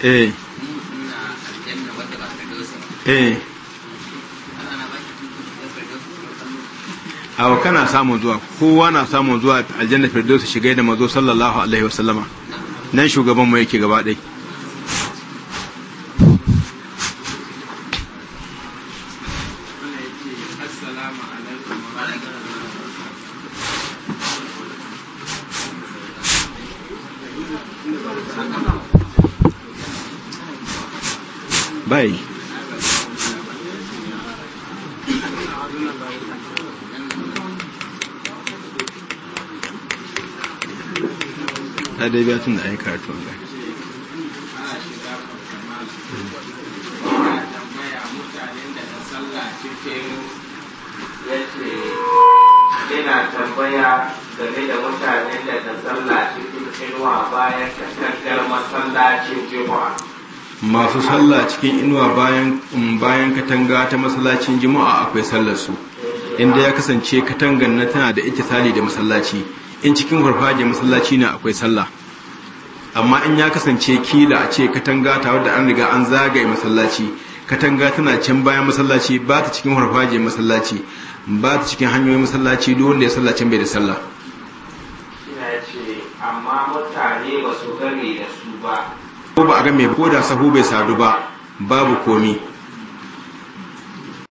eh eh awa kana samun zuwa kowa na samun zuwa aljanna firdausi shiga da mazo sallallahu alaihi wasallama nan shugaban mu yake gaba ɗai Thank you. bai adabiyatun da aika karatu ga yana tambaya game da mutanen da ta sallah cikin inuwa bayan katangar masallacin juma'a masu sallah cikin inuwa um, bayan katanga ta masallacin juma'a akwai sallarsu inda ya kasance katangan na tana da ita ikisali da masallaci in cikin farfajin masallaci na akwai sallah amma in ya kasance kila a ce katanga ta wadda an riga an zagaye masallaci katanga tana can bayan masallaci ba ta cikin farfajin masallaci ba ta cikin hanyoyin masallaci duk wanda ya sallacin bai da sallah amma mutane ba su gane da su ba ko ba a ga mai ko da sahu bai sadu ba babu komi